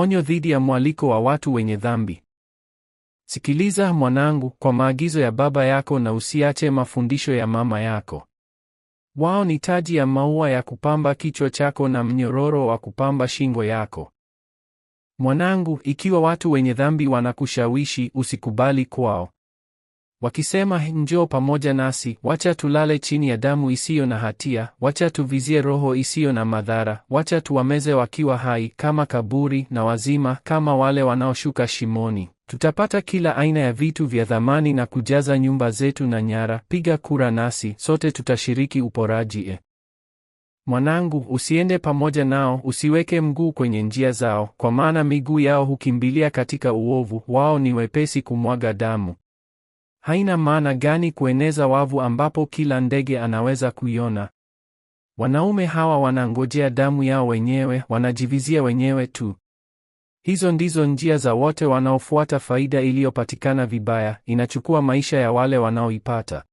Onyo dhidi ya mwaliko wa watu wenye dhambi. Sikiliza mwanangu, kwa maagizo ya baba yako na usiache mafundisho ya mama yako. Wao ni taji ya maua ya kupamba kichwa chako na mnyororo wa kupamba shingo yako. Mwanangu, ikiwa watu wenye dhambi wanakushawishi, usikubali kwao wakisema, njoo pamoja nasi, wacha tulale chini ya damu isiyo na hatia, wacha tuvizie roho isiyo na madhara, wacha tuwameze wakiwa hai kama kaburi na wazima kama wale wanaoshuka shimoni. Tutapata kila aina ya vitu vya thamani na kujaza nyumba zetu na nyara. Piga kura nasi, sote tutashiriki uporaji. E mwanangu, usiende pamoja nao, usiweke mguu kwenye njia zao, kwa maana miguu yao hukimbilia katika uovu, wao ni wepesi kumwaga damu. Haina maana gani kueneza wavu ambapo kila ndege anaweza kuiona? Wanaume hawa wanangojea damu yao wenyewe, wanajivizia wenyewe tu. Hizo ndizo njia za wote wanaofuata faida iliyopatikana vibaya, inachukua maisha ya wale wanaoipata.